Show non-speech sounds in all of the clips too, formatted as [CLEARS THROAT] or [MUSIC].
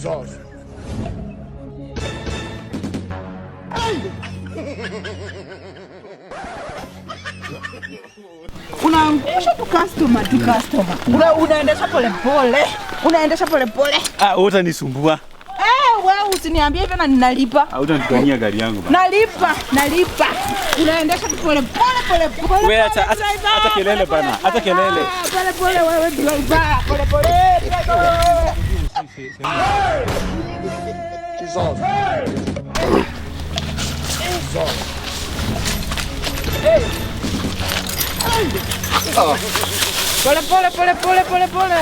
Zozo. Unaangusha tu customer tu customer. Una unaendesha pole pole. Unaendesha pole pole. Ah, utanisumbua. Eh, wewe usiniambie hivyo na ninalipa. Ah, utanitania gari yangu bana. Nalipa, nalipa. Unaendesha tu pole pole pole pole. Wewe hata hata kelele bana. Hata kelele. Ah, pole pole wewe driver. Pole pole driver. Você, você não... Isola. Isola. Ei! Pole, pole, pole, pole, pole, pole.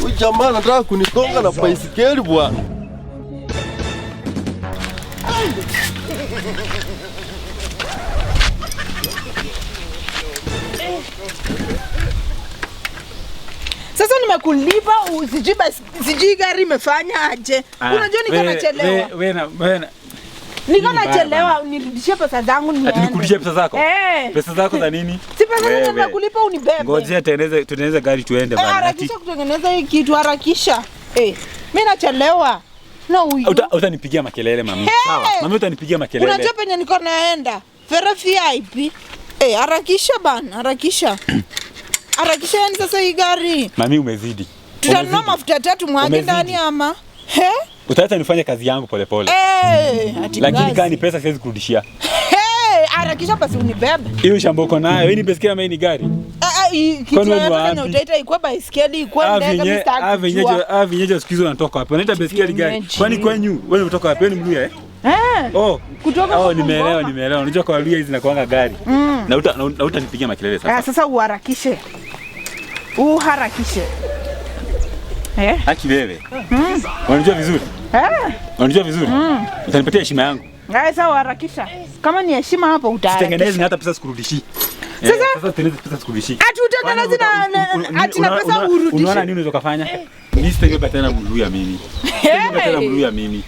Huyu jamaa anataka kunigonga na baisikeli bwana. nimekulipa sijui sijui gari imefanya aje. Ah, Unajua nikanachelewa. nachelewa. Niko nachelewa unirudishie pesa zangu niende. Nikurudishie pesa zako? Eh. Pesa zako za nini? Si pesa zangu nimekulipa unibebe. Ngojea tengeneze tutengeneze gari tuende eh, bana. Harakisha kutengeneza hii kitu harakisha. Eh. Mimi nachelewa. No, uta, utanipigia makelele mami. Sawa. Mami utanipigia makelele. Unajua penye niko naenda. Ferre VIP. Eh, harakisha bana, harakisha. [CLEARS THROAT] harakisheni sasa hii gari. Mami, umezidi. Tutanunua mafuta tatu mwage ndani ama he? Utaacha nifanye kazi yangu polepole hey, eh, lakini kaa ni pesa siwezi kurudishia. Hey, harakisha basi unibebe. Hiyo shamba uko nayo, hii ni baiskeli ama hii ni gari? Vinyeja ah, ah, ah, siku hizi wanatoka wapi? Wanaita baiskeli gari? Kwani kwenyu wewe unatoka wapi? Ni Mluya eh? eh oh, oh nimeelewa, nimeelewa. Unajua kwa Luya hizi nakuanga gari mm. na utanipigia makelele sasa. Sasa uharakishe uharakishe eh? Haki wewe. Mm. Unanijua vizuri eh? Unanijua vizuri mm. Utanipatia heshima yangu. Ngai eh, sawa, harakisha. Kama ni heshima hapo utaharakisha. Sitengeneze hata pesa sikurudishi. Eh, sasa sasa tengeneze pesa sikurudishi. Ati utengeneze na ati na pesa urudishi. Unaona nini unaweza kufanya? Eh. Mimi sitaki tena mluya mimi. Sitaki tena mluya mimi.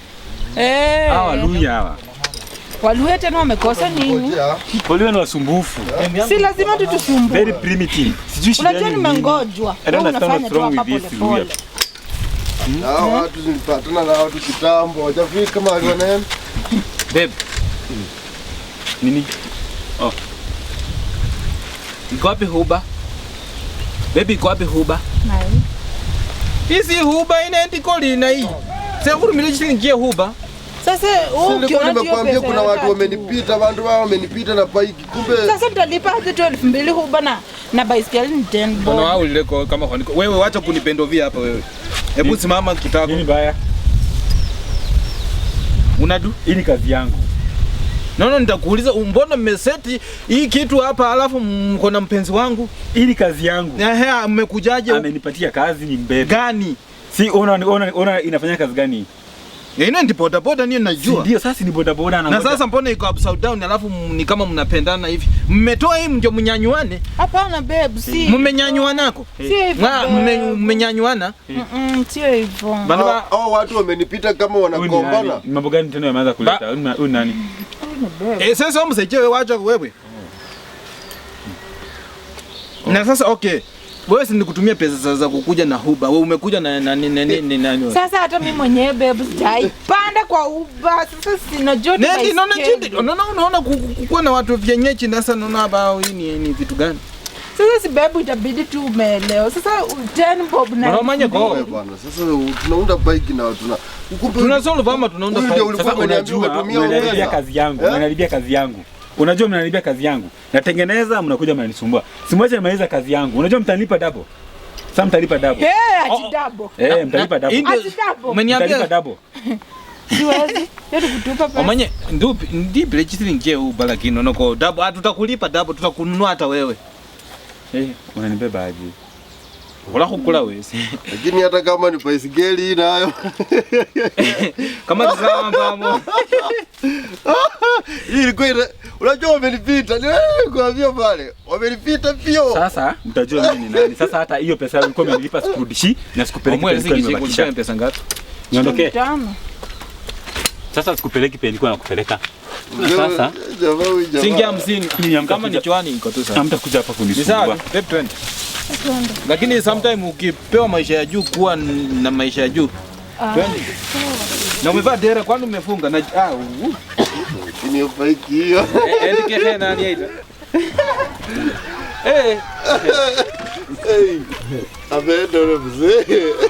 Eh. Hawa luya hawa. Waluhya tena wamekosa nini? Waluhya ni wasumbufu. Si lazima tu Very primitive. Sijui shida. Unajua nimengojwa. Unafanya tu hapa pole pole. Na hmm? watu tulipatana na watu kitambo, wajafika mahali wanaenda. Hmm. Babe. Nini? Oh. Iko wapi huba? Baby iko wapi huba? Nai. Hizi huba inaendiko lina hii. Sasa urumilije shilingi huba? Sasa oh, nimekuambia kuna watu wamenipita, watu wao wamenipita na bike. Kumbe sasa tutalipaje tu elfu mbili huko bana na baiskeli ni ten bob. Kuna wao lileko kama kwani Wewe wacha kunipendovia hapa wewe. Hebu simama kitako. Nini baya? Unadu? Hii ni kazi yangu. Naona nitakuuliza mbona mmeseti hii kitu hapa alafu mko na mpenzi wangu? ili kazi yangu. Eh, mmekujaje? Amenipatia kazi ni mbebe. Gani? Si ona ona ona inafanya kazi gani? Ina ndi boda boda nini najua. Ndio sasa ni boda boda na. Na sasa mbona iko upside down alafu ni kama mnapendana hivi. Mmetoa hii mjo mnyanyuane? Hapana babe, si. Mmenyanyuana nako? Si hivyo. Ah, mmenyanyuana? Mm, sio hivyo. Bana oh, watu wamenipita kama wanakombana. Mambo gani tena yameanza kuleta? Huyu nani? Eh, sasa msaidia wewe wacha wewe. Oh. Na sasa okay. Wewe si nikutumia pesa za kukuja na Uber. Wewe umekuja na nani nani nani? Sasa hata mimi mwenyewe babe Panda kwa Uber. Sasa sina joti. Nani naona joti? Unaona unaona kukua na watu vyenyechi sasa naona hapa hii ni vitu gani? Sasa si babe itabidi tu umeelewa. Sasa ten Bob na. Maromanya manya go bwana. Sasa tunaunda bike na tuna Tunasolve ama tunaunda bike. Sasa unajua unaniharibia kazi yangu. Eh? Unaniharibia kazi yangu. Unajua mnanibia kazi yangu. Natengeneza mnakuja mnanisumbua. Simwache nimaliza kazi yangu. Unajua mtanipa double. Sasa mtalipa oh, oh. double. Eh, hey, ati double. Eh, hey, mtalipa double. Ati double. Mtalipa double. [LAUGHS] Siwezi. Yote yaani kutupa pesa. Omanye ndupi ndipi lechiti ningie huu bala kino noko double. Ah, tutakulipa double, tutakununua hata wewe. Eh, hey, unanibeba aje? Wala kukula wewe. [LAUGHS] Lakini hata kama ni baisikeli nayo. [LAUGHS] Kama tazama mbamo. Hii ilikuwa Unajua Ni wamelipita kuambia pale wamelipita pio. Sasa mtajua mimi ni nani. Sasa hata hiyo pesa yako umenilipa sikurudishi na sikupeleki pesa ngapi? Niondoke. Sasa sikupeleki pesa nilikuwa nakupeleka. Sasa shilingi hamsini kama ni chwani iko tu sasa. Hamtakuja hapa kunisumbua. Lakini sometime ukipewa maisha ya juu kuwa na maisha ya juu. Ah, na umevaa dera kwani umefunga na ah uh. Iniofaiki hiyo. Endike tena ni aita. Eh. Hey. Abendo mzee.